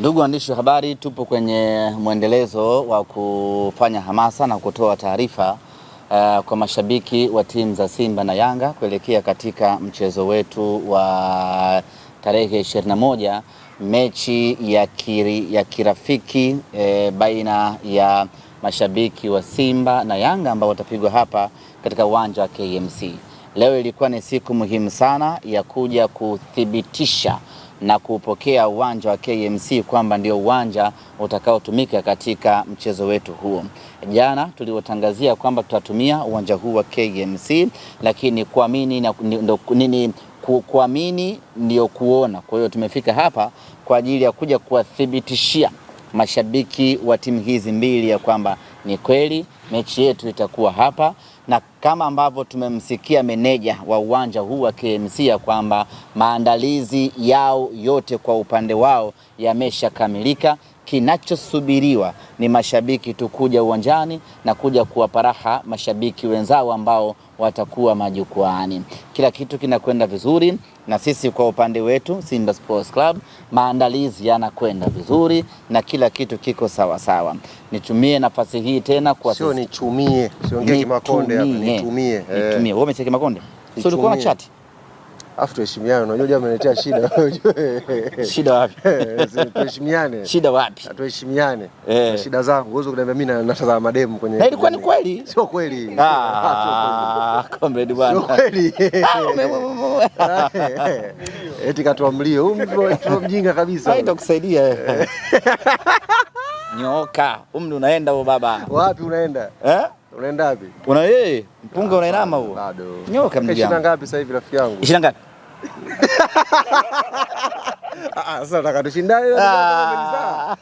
Ndugu waandishi wa habari, tupo kwenye mwendelezo wa kufanya hamasa na kutoa taarifa uh, kwa mashabiki wa timu za Simba na Yanga kuelekea katika mchezo wetu wa tarehe 21 mechi ya, kiri, ya kirafiki eh, baina ya mashabiki wa Simba na Yanga ambao watapigwa hapa katika uwanja wa KMC. Leo ilikuwa ni siku muhimu sana ya kuja kuthibitisha na kuupokea uwanja wa KMC kwamba ndio uwanja utakaotumika katika mchezo wetu huo. Jana tuliotangazia kwamba tutatumia uwanja huu wa KMC, lakini kuamini na nini kuamini ndio kuona. Kwa hiyo tumefika hapa kwa ajili ya kuja kuwathibitishia mashabiki wa timu hizi mbili ya kwamba ni kweli mechi yetu itakuwa hapa na kama ambavyo tumemsikia meneja wa uwanja huu wa KMC ya kwamba maandalizi yao yote kwa upande wao yameshakamilika kinachosubiriwa ni mashabiki tu kuja uwanjani na kuja kuwaparaha mashabiki wenzao ambao watakuwa majukwaani. Kila kitu kinakwenda vizuri, na sisi kwa upande wetu Simba Sports Club maandalizi yanakwenda vizuri na kila kitu kiko sawa sawa. Nitumie nafasi hii tena kwa sio nitumie, siongee Kimakonde hapa, nitumie. Nitumie. Eh. Wewe umesema Kimakonde? Sio ulikuwa na chat? Afu tuheshimiane, unajua jamaa ameniletea shida. Shida wapi? Tuheshimiane. Shida wapi? Tuheshimiane. Eh. Shida zangu uweze kuniambia mimi natazama mademu kwenye. Hey, eh, ilikuwa ni kweli? Sio kweli. Ah, comrade bwana. Sio kweli. Ah, eh, eti katoa mlio. Huyu mjinga kabisa. Haitakusaidia. Ah, Nyoka, umri unaenda wewe baba. Wapi unaenda? Eh? Unaenda wapi? Una yeye. Eh. Unga unainama huo. Bado. Nyoka mjanja. Ishirini ngapi sasa hivi rafiki yangu? Ishirini ngapi? Ah, sasa nataka tushindane. Ah.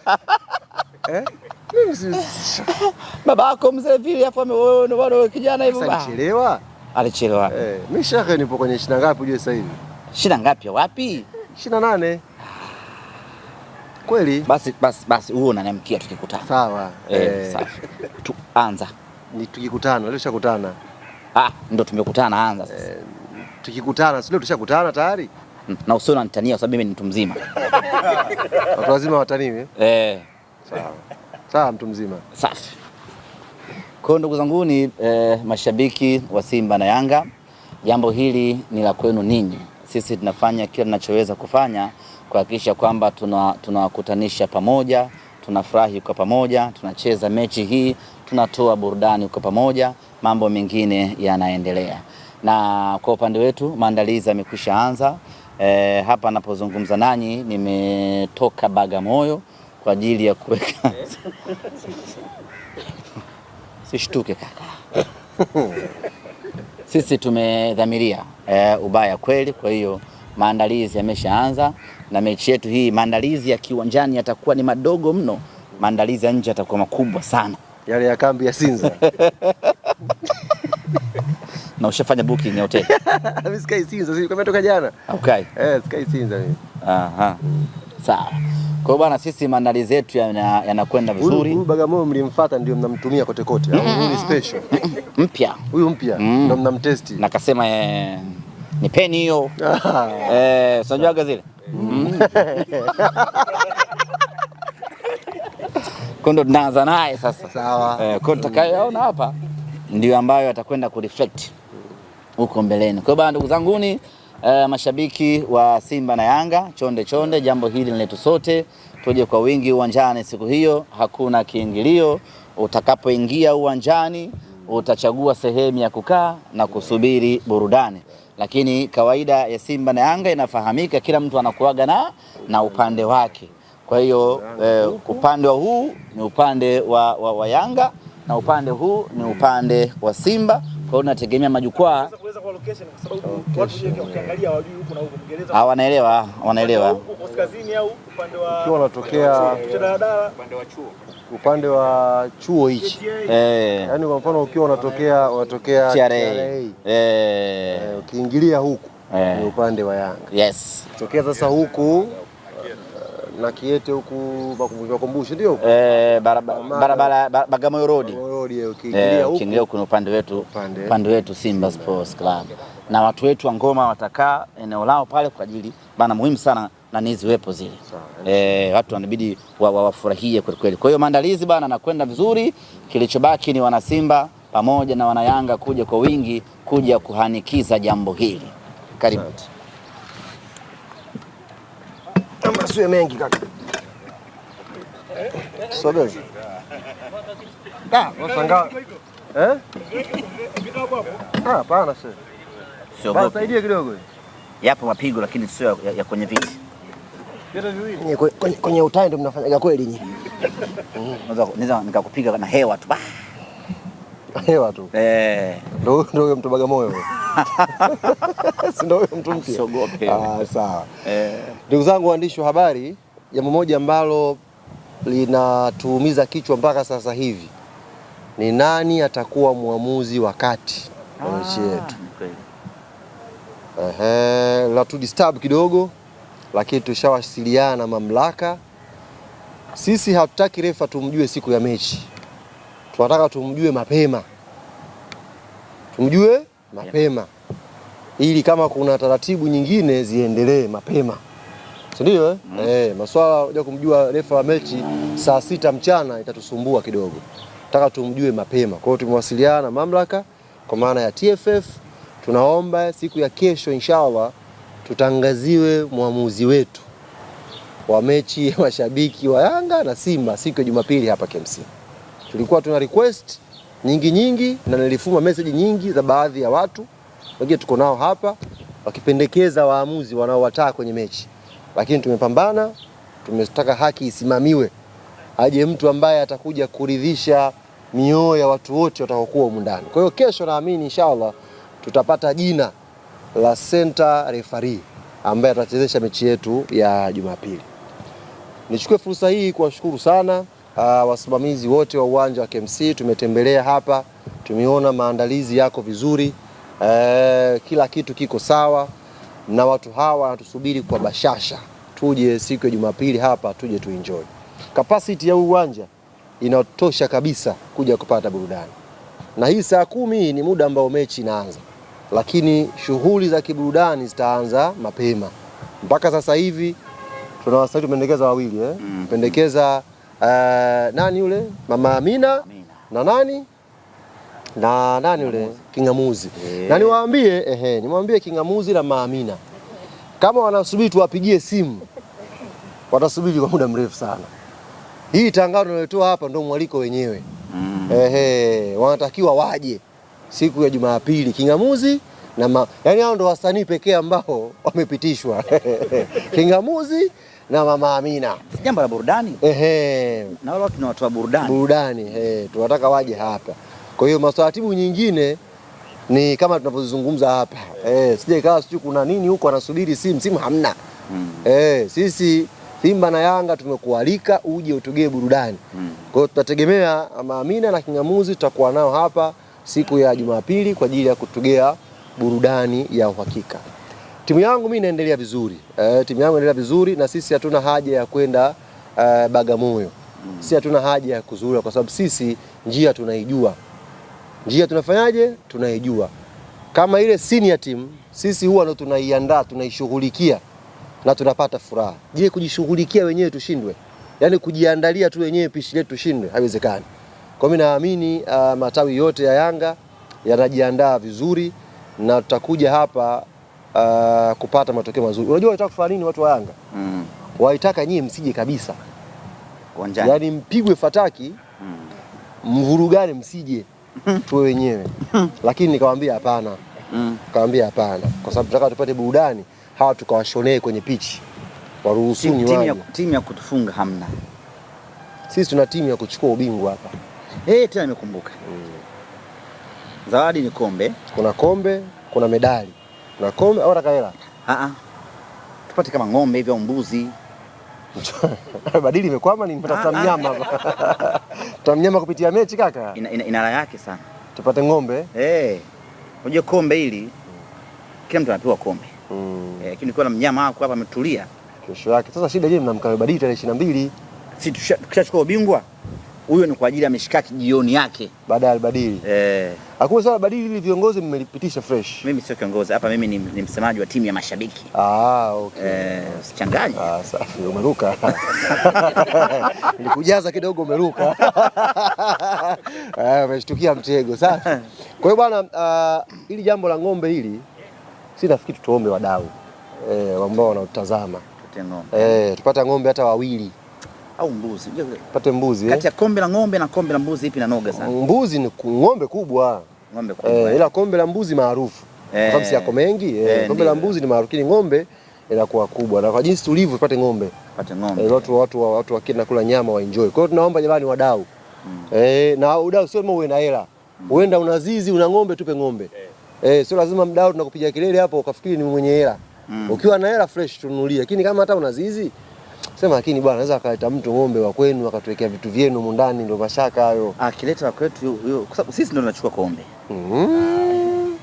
Eh? Babako mzee vile afu ameona bado kijana hivyo baba. Alichelewa? Alichelewa. Eh, mimi shaka nipo kwenye ishirini ngapi ujue sasa hivi? Ishirini ngapi wapi? Ishirini na nane. Kweli? Basi basi basi huo unaniamkia tukikutana. Sawa. Eh, eh. sawa. Tuanza. Ni tukikutana, leo shakutana. Ah, ndo tumekutana anza sasa. Eh, tukikutana sio tushakutana tayari? Mm, na usio unanitania kwa sababu mimi ni mtu mzima. Watu wazima watani mimi? Eh? eh. Sawa. Sawa mtu mzima. Safi. Kwa hiyo ndugu zangu ni eh, mashabiki wa Simba na Yanga, jambo hili ni la kwenu ninyi. Sisi tunafanya kila tunachoweza kufanya kuhakikisha kwamba tunawakutanisha tuna pamoja, tunafurahi kwa pamoja, tunacheza mechi hii, tunatoa burudani kwa pamoja mambo mengine yanaendelea, na kwa upande wetu maandalizi yamekwisha anza. E, hapa napozungumza nanyi nimetoka Bagamoyo kwa ajili ya kuweka sishtuke kaka, sisi tumedhamiria e, ubaya kweli. Kwa hiyo maandalizi yameshaanza na mechi yetu hii, maandalizi ya kiwanjani yatakuwa ni madogo mno, maandalizi ya nje yatakuwa makubwa sana, yale ya kambi ya Sinza na ushafanya booking ya hoteli? Mimi Sky Sinza, nilikwambia toka jana. Okay. Eh, Sky Sinza mimi. Aha. Sawa. Kwa hiyo bwana, sisi maandalizi yetu yanakwenda ya vizuri. Huyu Bagamoyo mlimfuata ndio mnamtumia kote kote. Mm -hmm. Huyu ni special. Mpya. Huyu mpya mm. Ndio mnamtesti. Nakasema eh, ni peni hiyo. Eh, unajuaga gazile. Mm. Kondo tunaanza naye sasa. Sawa. Eh, kwa tutakayoona hapa ndio ambayo atakwenda kureflect huko mbeleni. Kwa hiyo ndugu zanguni, uh, mashabiki wa Simba na Yanga, chonde chonde, jambo hili letu sote, tuje kwa wingi uwanjani siku hiyo. Hakuna kiingilio, utakapoingia uwanjani utachagua sehemu ya kukaa na kusubiri burudani, lakini kawaida ya Simba na Yanga inafahamika, kila mtu anakuaga na, na upande wake. Kwa hiyo eh, upande wa huu ni upande wa, wa, wa Yanga na upande huu ni upande wa Simba. Kwa hiyo nategemea majukwaa ah, wanaelewa, wanaelewa ukiwa unatokea upande wa chuo hichi, eh. yani kwa mfano ukiwa unatokea unatokea TRA eh. Eh, ukiingilia huku ni upande wa Yanga. Yes, tokea sasa huku na Kiete huku pakumbusha kumbusha, ndio eh, barabara Bagamoyo Road, ukiingilia eh, huko upande wetu, upande wetu Simba Sports Club, na watu wetu wa ngoma watakaa eneo lao pale kwa ajili bana, muhimu sana na niziwepo zile eh, watu wanabidi wawafurahie kweli kweli. Kwa hiyo maandalizi bana nakwenda vizuri, kilichobaki ni wanasimba pamoja na wanayanga kuja kwa wingi kuja kuhanikiza jambo hili. Karibu. Asiwe mengi kaka. Sogea. Da, wasanga. Eh? Ah, pana sasa. Sio Basi Saidie kidogo. Yapo mapigo lakini sio ya, ya kwenye viti. Kwenye, kwenye, kwenye utai ndio mnafanyaga kweli nyinyi. Naweza nikakupiga na hewa tu. Hewa tu. Eh. Ndio ndio mtobaga moyo wewe. Sindo huyo mtu mpya. Usiogope. Ah, sawa. Eh. Ndugu zangu waandishi wa habari, jambo moja ambalo linatuumiza kichwa mpaka sasa hivi ni nani atakuwa mwamuzi wa kati wa mechi ah, yetu. Ehe, la tu disturb kidogo, lakini tushawasiliana na mamlaka. Sisi hatutaki refa tumjue siku ya mechi, tunataka tumjue mapema, tumjue mapema ili kama kuna taratibu nyingine ziendelee mapema, si ndio eh? mm. Eh, maswala ya kumjua refa wa mechi saa sita mchana itatusumbua kidogo, nataka tumjue mapema. Kwa hiyo tumewasiliana na mamlaka kwa maana ya TFF, tunaomba siku ya kesho inshallah tutangaziwe mwamuzi wetu wa mechi ya mashabiki wa Yanga na Simba siku ya Jumapili hapa KMC. Tulikuwa tuna request nyingi nyingi, na nilifuma meseji nyingi za baadhi ya watu wengine tuko nao hapa wakipendekeza waamuzi wanaowataka kwenye mechi, lakini tumepambana, tumetaka haki isimamiwe, aje mtu ambaye atakuja kuridhisha mioyo ya watu wote watakokuwa humu ndani. Kwa hiyo kesho, naamini inshallah tutapata jina la center referee ambaye atachezesha mechi yetu ya Jumapili. Nichukue fursa hii kuwashukuru sana uh, wasimamizi wote wa uwanja wa KMC tumetembelea hapa, tumeona maandalizi yako vizuri uh, kila kitu kiko sawa, na watu hawa wanatusubiri kwa bashasha tuje siku ya Jumapili hapa tuje tuenjoy. Capacity ya uwanja inatosha kabisa kuja kupata burudani, na hii saa kumi ni muda ambao mechi inaanza, lakini shughuli za kiburudani zitaanza mapema. Mpaka sasa hivi tunawasai tumependekeza wawili eh? mm -hmm. pendekeza Eh, nani yule mama Amina na nani na nani yule Kingamuzi yeah. na niwaambie ehe, niwaambie Kingamuzi na mama Amina kama wanasubiri tuwapigie simu watasubiri kwa muda mrefu sana. Hii tangazo tunalotoa hapa ndio mwaliko wenyewe mm. Ehe, wanatakiwa waje siku ya Jumapili Kingamuzi na ma... yaani hao ndio wasanii pekee ambao wamepitishwa Kingamuzi na mama Amina. Jambo la burudani ehe, na wale watu ni watu wa burudani, burudani ehe, tunataka waje hapa. Kwa hiyo mastaratibu nyingine ni kama tunapozungumza hapa eh, sije ikawa sijui kuna nini huko anasubiri simu simu, hamna mm. Eh, sisi Simba na Yanga tumekualika uje utugee burudani mm. Kwa hiyo tutategemea mama Amina na Kingamuzi tutakuwa nao hapa siku ya Jumapili kwa ajili ya kutugea burudani ya uhakika. Timu yangu mimi inaendelea vizuri e, timu yangu inaendelea vizuri na sisi hatuna haja ya kwenda e, Bagamoyo mm. Sisi hatuna haja ya kuzuru kwa sababu sisi njia tunaijua, njia tunafanyaje, tunaijua. Kama ile senior team sisi huwa ndo tunaiandaa tunaishughulikia na tunapata furaha. Je, kujishughulikia wenyewe tushindwe? Yaani kujiandalia tu wenyewe pishi letu tushindwe? Haiwezekani. Kwa mimi naamini uh, matawi yote ya Yanga yanajiandaa vizuri na tutakuja hapa uh, kupata matokeo mazuri. Unajua wanataka kufanya nini watu wa Yanga? Mm. Waitaka nyie msije kabisa uwanjani. Yaani mpigwe fataki mm. mvurugane msije mm. tuwe wenyewe. Lakini nikamwambia hapana. Mm. Nikamwambia hapana kwa sababu tunataka tupate burudani, hawa tukawashonee kwenye pichi. Waruhusuni wao. Timu, timu ya kutufunga hamna. Sisi tuna timu ya kuchukua ubingwa hapa. Eh, hey, tena nimekumbuka. Mm. Zawadi ni kombe. Kuna kombe, kuna medali. Lakome au lakaela? Ah ah. Tupate kama ng'ombe hivi au mbuzi. Badili imekwama ni Pata mnyama hapa. kupitia mechi kaka. Ina, ina, ina raha yake sana. Tupate ng'ombe. Eh. Unajua kombe hili kila mtu anapewa kombe. Mm. Eh, lakini kwa mnyama wako hapa ametulia. Kesho yake. Sasa shida je, mnamkabadili tarehe 22? Si tushachukua ubingwa? huyo ni kwa ajili ya mishikaki jioni yake baada ya albadili. Eh. Hakuwa sala badili ili viongozi mmelipitisha fresh. Mimi sio kiongozi hapa, mimi ni, ni msemaji wa timu ya mashabiki. Ah, okay. Eh, usichanganye. Ah, safi, umeruka. Nilikujaza kidogo umeruka. Eh, umeshtukia mtego, safi. Kwa hiyo bwana, uh, ah, ili jambo la ng'ombe hili si nafikiri tutuombe wadau eh, ambao wanaotazama. Eh, tupata ng'ombe hata wawili au mbuzi? Pate mbuzi. Eh? Kati ya kombe la ng'ombe na kombe la mbuzi ipi inanoga sana? Mbuzi ni ng'ombe kubwa. Ng'ombe eh, kubwa. E, ila kombe la mbuzi maarufu. Kwa sababu si yako mengi, e, kombe la mbuzi ni maarufu, kini ng'ombe ila kuwa kubwa. Na kwa jinsi tulivyo pate ng'ombe. Pate ng'ombe. e, watu watu watu wakina kula nyama wa enjoy. Kwa hiyo tunaomba jamani wadau. Mm. E, na udau sio mwe na hela. Mm. Uenda una zizi una ng'ombe tupe ng'ombe. Eh, E, sio lazima mdau tunakupiga kelele hapo ukafikiri ni mwenye hela. Mm. Ukiwa na hela fresh tununulie. Lakini kama hata unazizi zizi Sema lakini bwana, anaweza akaleta mtu ng'ombe wa kwenu akatuwekea vitu vyenu humu ndani, ndio mashaka hayo. Akileta kwetu, huyo kwa sababu sisi ndio tunachukua kombe. Mm.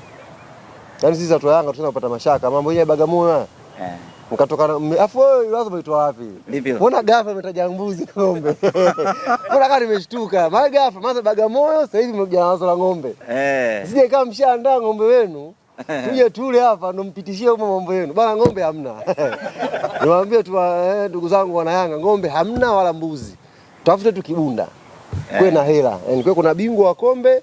Yaani sisi watu Yanga tunaweza kupata mashaka mambo yenyewe Bagamoyo. Eh. Mkatoka afu wewe lazima itoa wapi? Mbona ghafla umetaja mbuzi ng'ombe? Mbona kama nimeshtuka. Maana ghafla maza Bagamoyo sasa hivi mmekuja na wazo la ng'ombe. Eh. Sije kama mshaandaa ng'ombe wenu. tuje tule hapa ndo mpitishie huko mambo yenu bana. Ng'ombe hamna, niwaambie tu eh, ndugu zangu Wanayanga, ng'ombe hamna wala mbuzi, tafute tu kibunda, kuwe na hela yani, kuwe kuna bingwa wa kombe,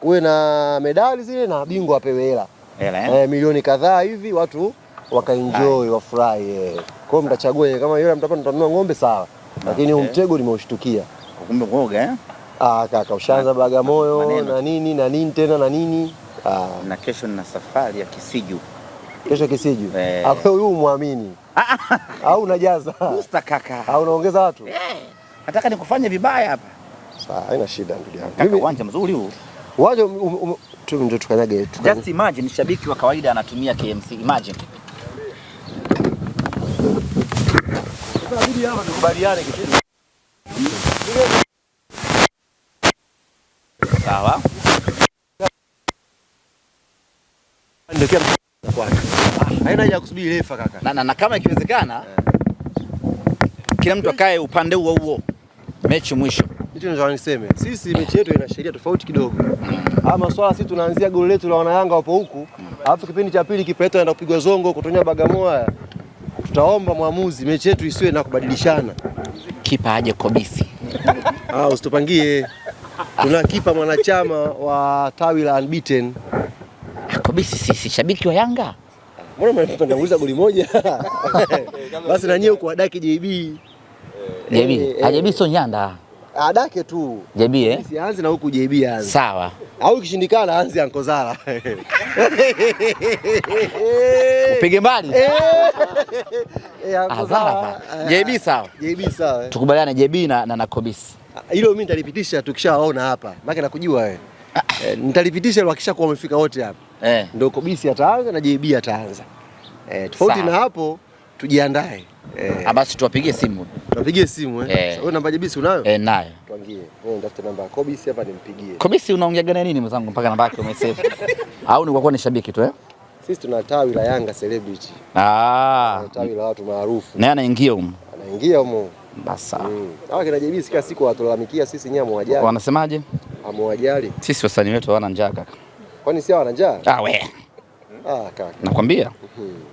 kuwe na medali zile na bingwa apewe hela eh? eh, milioni kadhaa hivi, watu wakaenjoy wafurahi. Eh. Kwa hiyo mtachagua kama yule mtapa mtanunua ng'ombe sawa, lakini mtego nimeushtukia kumbe ngoga eh. Ah kaka, ushaanza Bagamoyo na nini na nini tena na nini Ah, na kesho nina safari ya Kisiju. Kesho Kisiju. Eh. Ah, huyu muamini ah. au unajaza? Musta kaka. Au unaongeza watu? Eh. Nataka nikufanye vibaya hapa. Sawa, haina shida ndugu yangu. Kaka, uwanja mzuri huu. Uwanja um- um- um- tu ndio tukanyage. Just imagine shabiki wa kawaida anatumia KMC. Imagine. Sawa. kwake. Haina haja kusubiri refa kaka. Na, na, na kama ikiwezekana yeah. Kila mtu akae upande huo huo mechi mwisho. Niseme sisi mechi yetu ina sheria tofauti kidogo. Ama maswala sisi tunaanzia goli letu la wanayanga wapo huku, alafu kipindi cha pili kipeto anaenda kupigwa zongo kutonya Bagamoyo. Tutaomba mwamuzi mechi yetu isiwe na kubadilishana. Kipa aje kobisi. Ah, usitupangie. Tuna kipa mwanachama wa tawi la unbeaten Kobisi, sisi shabiki wa Yanga, mbona mnatanguliza goli moja? Basi na nyewe kuwadaki JB. JB, eh, eh, ah, JB sio nyanda adake tu JB eh? Sianze na huku JB anze. Sawa. Au ikishindikana anze Zara. upige mbali JB eh. Ah, sawa. JB sawa. Ah, Tukubaliane JB na na, Kobisi. Hilo mimi nitalipitisha tukishawaona hapa. Maana nakujua wewe. E, nitalipitisha hakisha kuwa wamefika wote hapa e. Ndio Kobisi ataanza na JB ataanza e, tofauti na hapo tujiandae e. Basi tuwapigie simu tuwapigie simu eh. Wewe namba JB unayo? Eh, nayo. Tuangie. Wewe ndafuta namba Kobisi hapa nimpigie. Kobisi unaongea na nini mzangu, mpaka namba yake umesave? Au ni kwa kuwa ni shabiki tu eh? Sisi tuna tawi la Yanga celebrity. Ah. Tawi la watu maarufu. Naye anaingia huko. Anaingia huko. Basa. Mm. Hawa kina JB sika siku watulalamikia sisi nyinyi amwajali. Wanasemaje? Amwajali. Sisi wasanii wetu hawana njaa kaka. Kwani si hawana njaa? Ah we. Ah kaka. Nakwambia. Mhm.